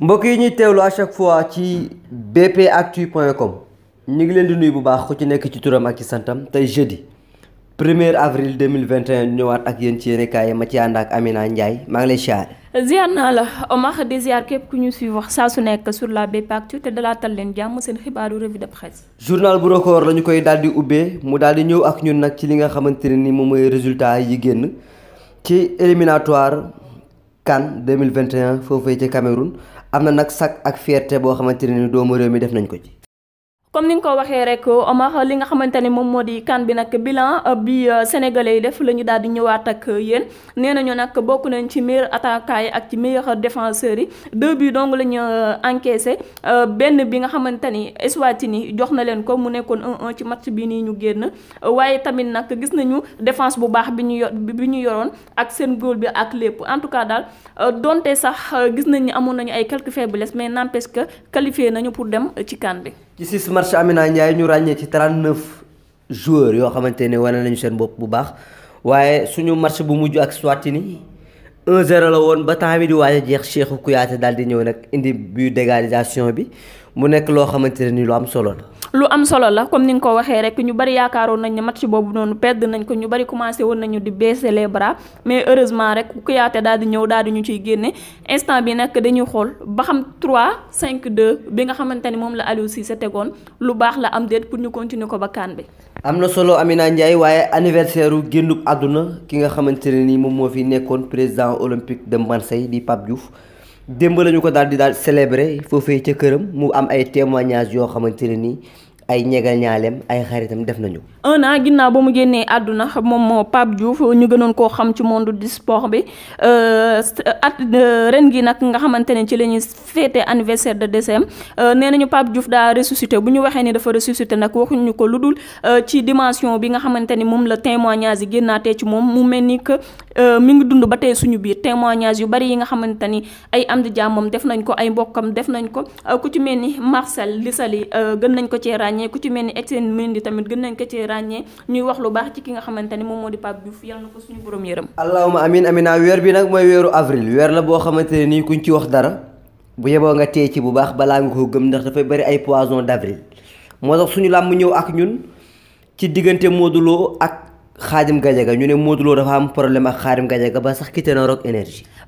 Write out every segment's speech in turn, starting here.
mbokk yi ñuy teewlu à chaque fois ci bpactu.com ñu ngi leen di nuyu bu baax ku ci nekk ci turam ak ci santam tey jeudi 1er avril 2021 ñëwaat ak yéen ci yéenekaay yi ma ci ànd ak Amina Ndiaye maa ngi lay siyaar. ziar naa la Omar di ziar képp ku ñu suivre wax saa su nekk sur la bpactu te dalaatal leen jàmm seen xibaaru revue de presse. journal bu record la ñu koy daal di ubbee mu daal di ñëw ak ñun nag ci li nga xamante ne ni moom mooy résultat yi génn ci éliminatoire CAN 2021 foofee ci Cameroun. am na nag sax ak fierté boo xamante ne ni doomu réew mi def nañu ko ci comme ni nga ko waxee rek Omar li nga xamante ne moom di kan bi nag bilan euh, bi euh, sénégalais yi def la ñu daal di ñëwaat ak euh, yéen nee nañu nag bokk nañ ci meilleur attaquant yi ak ci meilleur défenseur yi deux buts dong lañu ñu encaissé benn bi nga xamante ni Eswatini jox na leen ko mu nekkoon 1-1 ci match bi nii ñu génn waaye tamit nag gis nañu défense bu baax bi ñu yor bi ñu yoroon ak seen góor bi ak lépp en tout cas daal donte sax gis nañ ni amoon nañu ay quelques faiblesses mais n'empêche que qualifié nañu pour dem ci kan ci six match Amina Ndiaye ñu ràññee ci 39 joueurs yoo xamante ne wane nañu seen bopp bu baax waaye suñu match bu mujj ak Swatini 1-0 la woon ba temps di waaj a jeex Cheikhou Kouyaté daal di ñëw nag indi bu dégalisation bi mu nekk loo xamante ne ni lu am solo la. lu am solo la comme ni nga ko waxee rek ñu bari yaakaaroon nañ ne match boobu noonu pedd nañ ko ñu bari commencé woon nañu di baisser les bras mais heureusement rek Kouyaté dal di ñëw daal di ñu ciy génne instant bi nag dañuy xool ba xam 3 5 2 bi nga xamante ni moom la Aliou sa tegoon lu baax la am déet pour ñu continuer ko ba kaan bi. am na solo Amina Ndiaye waaye anniversaire u génnub àdduna ki nga xamante ne ni moom moo fi nekkoon président olympique de Marseille di Pape Diouf. démb lañu ko daal di daal célébré foofee ca këram mu am ay témoignages yoo xamante ne nii ay ñegal ñaaleem ay xaritam def nañu un an ginnaaw ba mu génnee àdduna moom moo Pape Diouf ñu gënoon koo xam ci monde du sport bi euh, at euh, ren gi nag nga xamante ne ci la ñuy féete anniversaire de décès euh, nee nañu Pape Diouf daa ressuscité bu ñu waxee ni dafa ressuscité nag waxuñu ko lu dul ci dimension bi nga xamante ni moom la témoignage yi génnaatee ci moom mu mel ni que mi ngi dund ba tey suñu biir témoignage yu bari yi nga xamante ni ay am di jàmmam def nañ ko ay mbokkam def nañ ko ku ci mel ni gën nañ ko ci ràññee ku ci mel ni Etienne Mendy tamit gën nañ ko ci ràññee ñuy wax lu baax ci ki nga xamante ni moom moo di Pape Diouf yal na ko suñu borom yërëm allahuma amin amina weer bi nag mooy weeru avril weer la boo xamante ne nii kuñ ci wax dara bu yeboo nga tee ci bu baax balaa nga ko gëm ndax dafay bari ay poison d'avril moo tax suñu làmb ñëw ak ñun ci diggante Modou ak ak Khadim ga ñu ne Modou dafa am problème ak Khadim ga ba sax quitté na Rock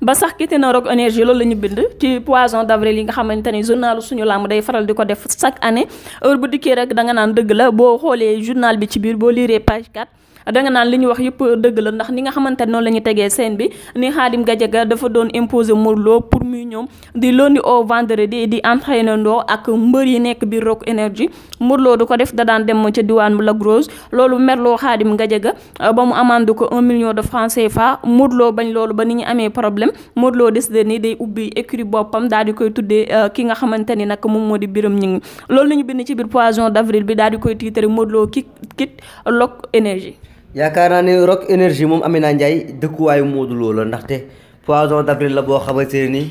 ba sax quitté na Rock Énergie loolu la ñu bind ci poisson d'avril yi nga xamante ni journalu suñu làmb day faral di ko def chaque année heure bu dikkee rek danga naan dëgg la boo xoolee journal bi ci biir boo liiree page 4 danga naan li ñu wax yëpp dëgg la ndax ni nga xamante noonu lañu tegee scène bi ni Khadim Gadiaga dafa doon imposer Modou pour muy ñoom di lundi au vendredi di entraînandoo ak mbër yi nekk biir Rock Énergie Modou du ko def da daan dem ca diwaan la Grosse loolu merloo Khadim Gadiaga euh, ba mu amande ko un million de francs fa Modou bañ loolu ba ni ñu amee problème Modou Lo décidé ni day ubbi écurie boppam daal di koy tuddee euh, ki nga xamante ni nag moom moo di Biram Ñing loolu la ñu bind ci biir Poisson d'avril bi daal di koy tiitare Modou Lo ki kit Rock Énergie yaakaar naa ne Rock Énergie moom amee Amina Ndiaye dëkkuwaayu Modou Lo la ndaxte poisson d'avril la boo xamante ni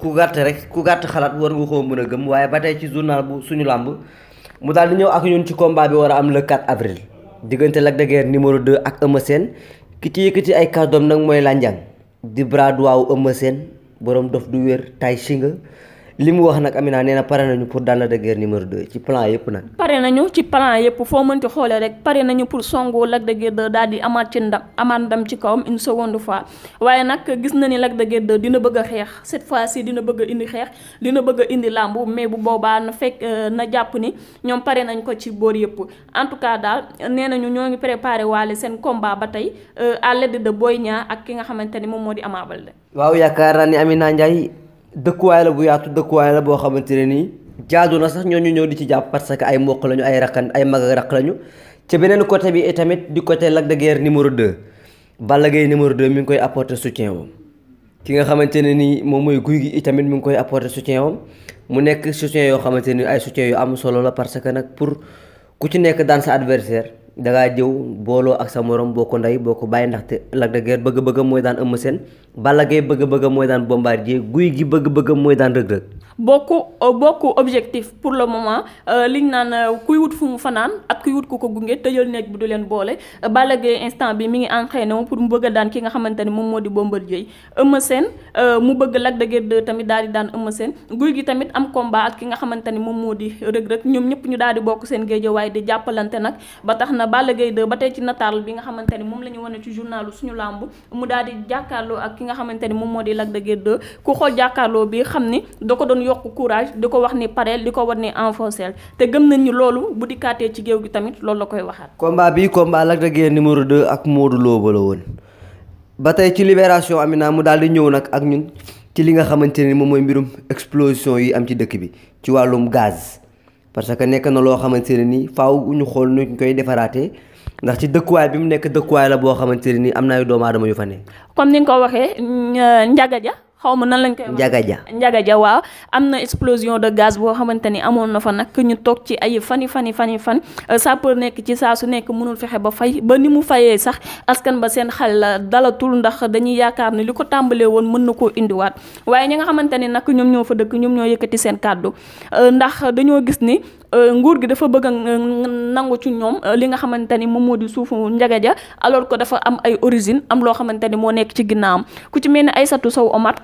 ku gàtt rek ku gàtt xalaat war nga koo mën a gëm waaye ba tey ci journal bu suñu làmb mu daal di ñëw ak ñun ci combat bi war a am la 4 avril diggante Lac de Guiers numéro 2 ak Eumeu Sène ki ci yëkkati ay kàddoom nag mooy Landiang di bras droit wu Eumeu seen boroom dof du wér tay shinga li mu wax nag Amina nee na pare nañu pour Dana de Guerre numéro 2 ci plan yëpp nag. pare nañu ci plan yëpp foo mënti xoolee rek pare nañu pour songu Lac de Guerre 2 daal di amaat ci ndam amaat ndam ci kawam une seconde fois waaye nag gis na ni Lac de Guerre dina bëgg a xeex cette fois ci dina bëgg indi xeex dina bëgg indi làmb mais bu boobaa na fekk euh, na jàpp ni ñoom pare nañ ko ci boor yëpp en tout cas daal nee nañu ñoo ngi préparé waale seen combat ba tey euh, à l'aide de Boy Niang ki nga xamante ni moom moo di Ama Baldé. waaw dëkkuwaay la bu yaatu dëkkuwaay la boo xamante ne nii jaadu na sax ñooñu ñëw di ci jàpp parce que ay mboq lañu ay rakkan ay mag ak rakk lañu ci beneen côté bi tamit di côté Lac de Guiers numéro 2 Balla gay numéro 2 mi ngi koy apporter soutien wam ki nga xamante ne nii moom mooy guy gi itamit mu ngi koy apporter soutien wam mu nekk soutien yoo xamante ni ay soutien yu am solo la parce que nag pour ku ci nekk daan sa adversaire dangaa jëw booloo ak sa morom boo ko ndey boo ko bàyyi ndaxte Lac de Guiers bëgg-bëggam mooy daan Eumeu seen Balla Gaye bëgg-bëggam mooy daan Bombardier guy gi bëgg-bëggam mooy daan Reug Reug bokku euh, bokku objectif pour le moment euh, liñ naan euh, kuy wut fu mu fanaan ak kuy wut ku ko gunge tëjal néeg bi du leen boole Balla Gaye instant bi mi ngi entraîné wu pour mu bëgg a daan ki nga xamante ne moom moo di Bombardier Eumeu Sène mu bëgg Lac de Guiers 2 tamit daal di daan Eumeu seen guy gi tamit am combat ak ki nga xamante ne moom moo di Reug Reug ñoom ñëpp ñu daal di bokk seen géej waaye di jàppalante nag ba tax na Balla Gaye 2 ba tey ci nataal bi nga xamante ne moom la ñu wane ci journalu suñu làmb mu daal di jàkkaarloo ak ki nga xamante ne moom moo di Lac de Guiers 2 bi xam yokk courage di ko wax ni pareel di ko war ni enfoncel te gëm nañ loolu bu dikkaatee ci géew gi tamit loolu la koy waxaat. combat bi combat Lac de Guiers numéro 2 ak Modou Lo ba la woon ba tey ci libération Amina mu daal di ñëw nag ak ñun ci li nga xamante ni moom mooy mbirum explosion yi am ci dëkk bi ci wàllum gaz parce que nekk na loo xamante ne ni faaw ñu xool nuñ koy defaraatee. ndax ci dëkkuwaay bi mu nekk dëkkuwaay la boo xamante ne nii am na ay doomu dama yu fa ne. comme ni ko waxee Ndiaga Dia xaw ma nan lañ koy njagaja ja waaw am na explosion de gaz boo xamante ni amoon na fa nag ñu toog ci ay fani fan fani fan fan euh, sapeur nekk ci saa su nekk mënul fexe ba fay ba ni mu fayee sax askan ba seen xel la dalatul ndax dañuy yaakaar ni li ko tàmbalee woon mën na koo indiwaat waaye ñi nga xamante ni nag ñoom ñoo fa dëkk ñoom ñoo yëkkati seen kàddu euh, ndax dañoo gis ni Euh, nguur gi dafa bëgg a nangu ci ñoom euh, li nga xamante ni moom moo di suufu njaga ja alors que dafa am ay origine am loo xamante ni moo nekk ci ginnaawam ku ci mel ni Aïssatou Sow Omar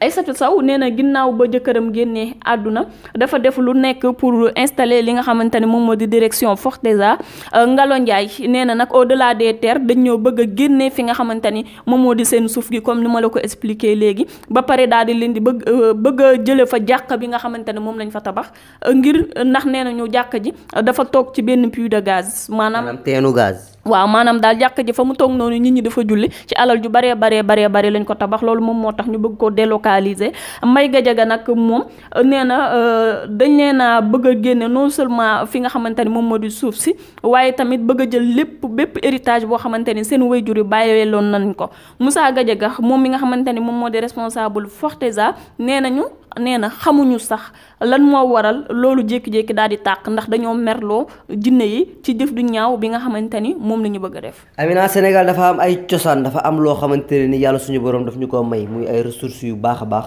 Aïssatou Sow nee na ginnaaw ba jëkkëram génnee àdduna dafa def lu nekk pour installer li nga xamante ne moom moo di direction Fortesa euh, Ngalo Ndiaye nee na nag au delà des terres dañ ñoo bëgg a fi nga xamante ni moom moo di seen suuf gi comme ni ma la ko expliqué léegi ba pare daal di leen di bëgg euh, bëgg a jële fa jàq bi nga xamante ne moom lañ fa tabax euh, ngir ndax nee na ñu jàkk ji dafa toog ci benn puits de gaz maanaam teenu gaz waaw maanaam daal jàkk ji fa mu toog noonu nit ñi dafa julli ci alal ju baree bare bare bari lañ ko tabax loolu moom moo tax ñu bëgg ko délocaliser may gajaga nag moom euh, nee na euh, dañ nee naa bëgg a génne non seulement fi nga xamante ni moom moo di suuf si waaye tamit bëgg a jël lépp bépp héritage boo xamante ni seen jur yi bàyyee loon nañ ko Moussa Gajaga moom mi nga xamante ni moom moo di responsable Forteza nee nañu nee na xamuñu sax lan moo waral loolu jékki-jékki daal di tàq ndax dañoo merloo jinne yi ci def du ñaaw bi nga xamante ni moom la ñu bëgg a def. Amina Sénégal dafa am ay cosaan dafa am loo xamante ne ni yàlla suñu borom daf ñu ko may muy ay ressources yu baax a baax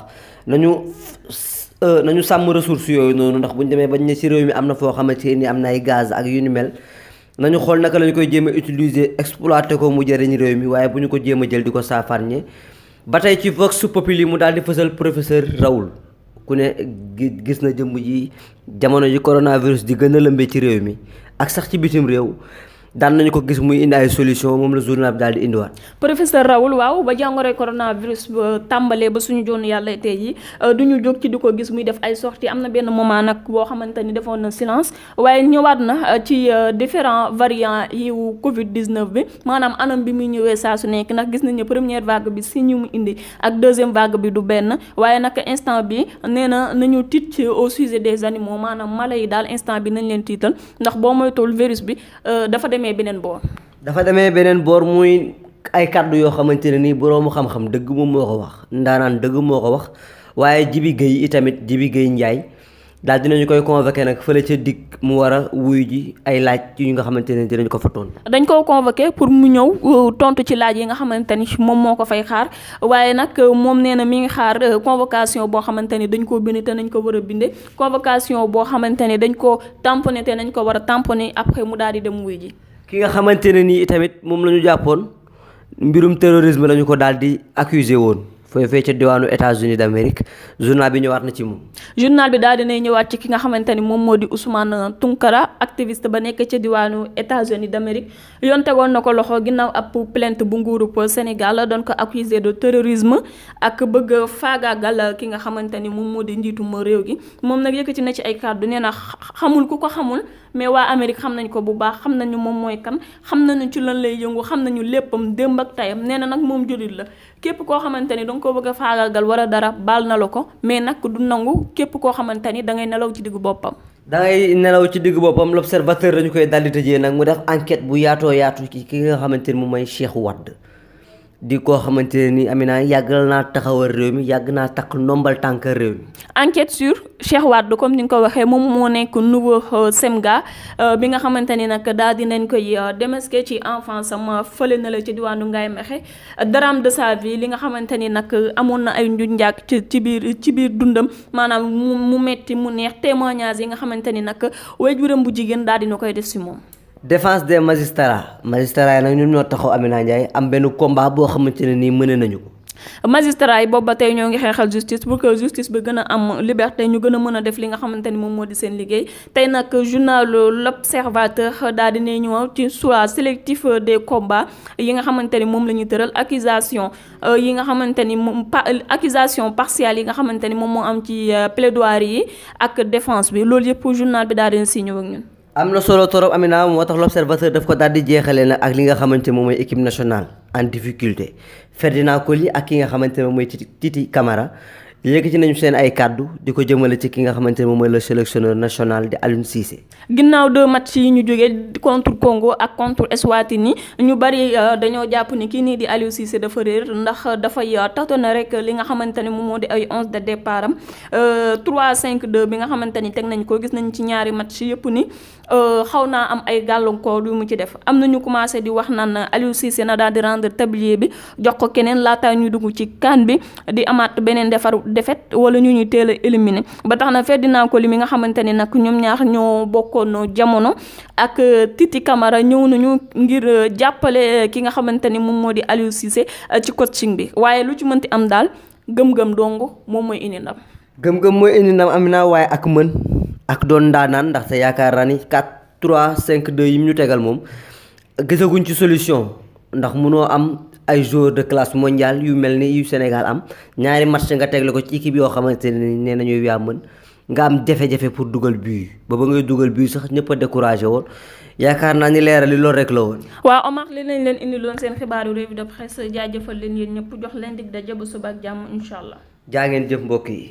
nañu euh, nañu sàmm ressource yooyu noonu ndax bu ñu demee bañ ne ci réew mi am na foo xamante ni am na ay gaz ak yu ni mel. nañu xool naka lañu koy jéem a utiliser exploité ko mu jëriñ réew mi waaye bu ñu ko jéem a jël di ko saafarñe ba tey ci vox populi mu daal di fësal professeur Raoul ku ne gis na jëmm ji jamono ji coronavirus di gën a lëmbee ci réew mi ak sax ci bitim réew daan nañu ko gis muy indi ay solution moom la journal bi daal indiwaat. professeur Raoul waaw ba jàngoro coronavirus tàmbalee ba suñu joon yàlla tey yi euh, du ñu jóg ci du ko gis muy def ay sorties am na benn moment nag boo xamante ni defoon na silence waaye ñëwaat na euh, ci euh, différent variants yi wu Covid 19 bi maanaam anam bi muy ñëwee saa su nekk ndax gis nañ ne première vague bi si ñu mu indi ak deuxième vague bi du benn waaye nag instant bi nee na nañu tiit ci au sujet des animaux maanaam mala yi daal instant bi nañ leen tiital ndax demee beneen boor. dafa demee beneen boor muy ay kàddu yoo xamante ne nii boroomu xam-xam dëgg moom moo ko wax ndaanaan dëgg moo ko wax waaye Jibi Guèye itamit Jibi Guèye Ndiaye daal dinañu koy convoqué nag fële ca digg mu war wuy ji ay laaj yu nga xamante ne dinañu ko fa tontu. dañ koo convoqué pour mu ñëw euh, tontu ci laaj yi nga xamante ni moom moo ko fay xaar waaye nag euh, moom nee na mi ngi xaar euh, convocation boo xamante ni dañ koo bind te nañ ko war a binde convocation boo xamante ni dañ koo tamponné te nañ ko war a tamponné après mu daal di dem ji. ki nga xamante ne nii tamit moom la ñu jàppoon mbirum terrorisme lañu ko daal di accusé woon foofee ca diwaanu États-Unis d'Amérique journal bi ñëwaat na ci moom. journal bi daal dinay ñëwaat ci ki nga xamante ni moom moo di Ousmane Tunkara activiste ba nekk ca diwaanu États-Unis d'Amérique yoon tegoon na ko loxo ginnaaw ab plainte bu nguuru Sénégal doon ko accusé de terrorisme ak bëgg faagaagal ki nga xamante ni moom moo di njiitu réew gi moom nag yëkk ci na ci ay kàddu nee na xamul ku ko xamul mais waa Amérique xam nañ ko bu baax xam nañu moom mooy kan xam nañu ci lan lay yëngu xam nañu léppam démb ak tayam nee na nag moom jullit la képp koo bëgg a faagaagal wala dara baal na la ko mais nag du nangu képp koo xamante ni da ngay nelaw ci diggu boppam. da ngay nelaw ci diggu boppam l'observateur dañu koy daldi tëjee nag mu def enquête bu yaato yaatu ci ki nga xamante ni moom mooy Cheikh Wade. di koo xamante ne ni Amina yàggal naa taxawal réew mi yàgg naa takk ndombal tànk réew mi. enquête sur Cheikh Wade comme ni nga ko waxee moom moo nekk sem euh, Semga euh, bi nga xamante ni nag daal dinañ koy euh, démasqué ci enfance am fële na la ci diwaanu Ngaye Mexe drame de sa li nga xamante ni nag amoon na ay njuñ njaag ci ci biir ci biir dundam maanaam mu mu metti mu neex témoignage yi nga xamante ni nag waajuram bu jigéen daal dina koy def si moom. défense des magistrats magistrats yi nag ñun ñoo taxaw Amina Ndiaye am benn combat boo xamante ne nii mëne nañu ko. magistrats yi boobu ba tey ñoo ngi xeexal justice pour que justice bi gën a am liberté ñu gën a mën a def li nga xamante ni moom moo di seen liggéey tey nag journal l'observateur daal dina ñëw ci choix sélectif des combats yi nga xamante ni moom la ñu tëral accusation euh, yi nga xamante ni moom par accusation partielle yi nga xamante ni moom moo am ci euh, plaidoirie yi ak défense bi loolu yëpp journal bi daal dina ñëw ak am na solo torop Amina moo tax l'observateur daf ko daal di jeexalee nag ak li nga xamante moom mooy équipe nationale en difficulté Ferdinand Coly ak ki nga xamante ne moom mooy Titi Titi Camara yëkkati nañu seen ay kàddu di ko jëmale ci ki nga xamante ne moom mooy le sélectionneur national di Aliou Cissé. ginnaaw deux matchs yi ñu jógee contre Congo ak contre Eswatini ñu bari euh, dañoo jàpp ni kii nii di Aliou Cissé dafa réer ndax dafay euh, tâtonner rek li nga xamante ne moom moo di ay onze de départ am 3-5-2 euh, bi nga xamante ni teg nañ ko gis nañ ci ñaari match yëpp ni Euh, xaw naa am ay gàllankoor yu mu ci def am na ñu commencé di wax naan Aliou Cissé na daal di rendre tablier bi jox ko keneen laataa ñuy dugg ci kan bi di amaat beneen defar defet wala ñu ñuy teel a éliminer ba tax na Ferdinand Coly mi nga xamante ni nag ñoom ñaar ñoo bokkoon jamono ak euh, Titi Camara ñëw nañu ngir euh, jàppale ki nga xamante ni moom moo di Aliou Cissé ci coaching bi waaye lu ci mënti am daal gëm-gëm dong moom mooy indi ndam. gëm-gëm mooy indi ndam Amina waaye ak mën. ak doon ndaanaan ndaxte yaakaar naa ni 4 3 cinq 2 yi ñu tegal moom gisaguñ ci solution ndax mu noo am ay joueurs de classe mondiale yu mel ni yu Sénégal am ñaari match nga tegle ko ci équipe yoo xamante ne nee nañu yaa mën nga am jafe-jafe pour dugal bii ba ba ngay dugal bii sax ñëpp a woon yaakaar naa ni leeral li loolu rek la woon. waaw Omar li lañ leen indi loon seen xibaaru revue de presse jaajëfal leen yéen ñëpp jox leen dig daje ba suba ak jàmm incha allah. jaa ngeen jëf mbokk yi.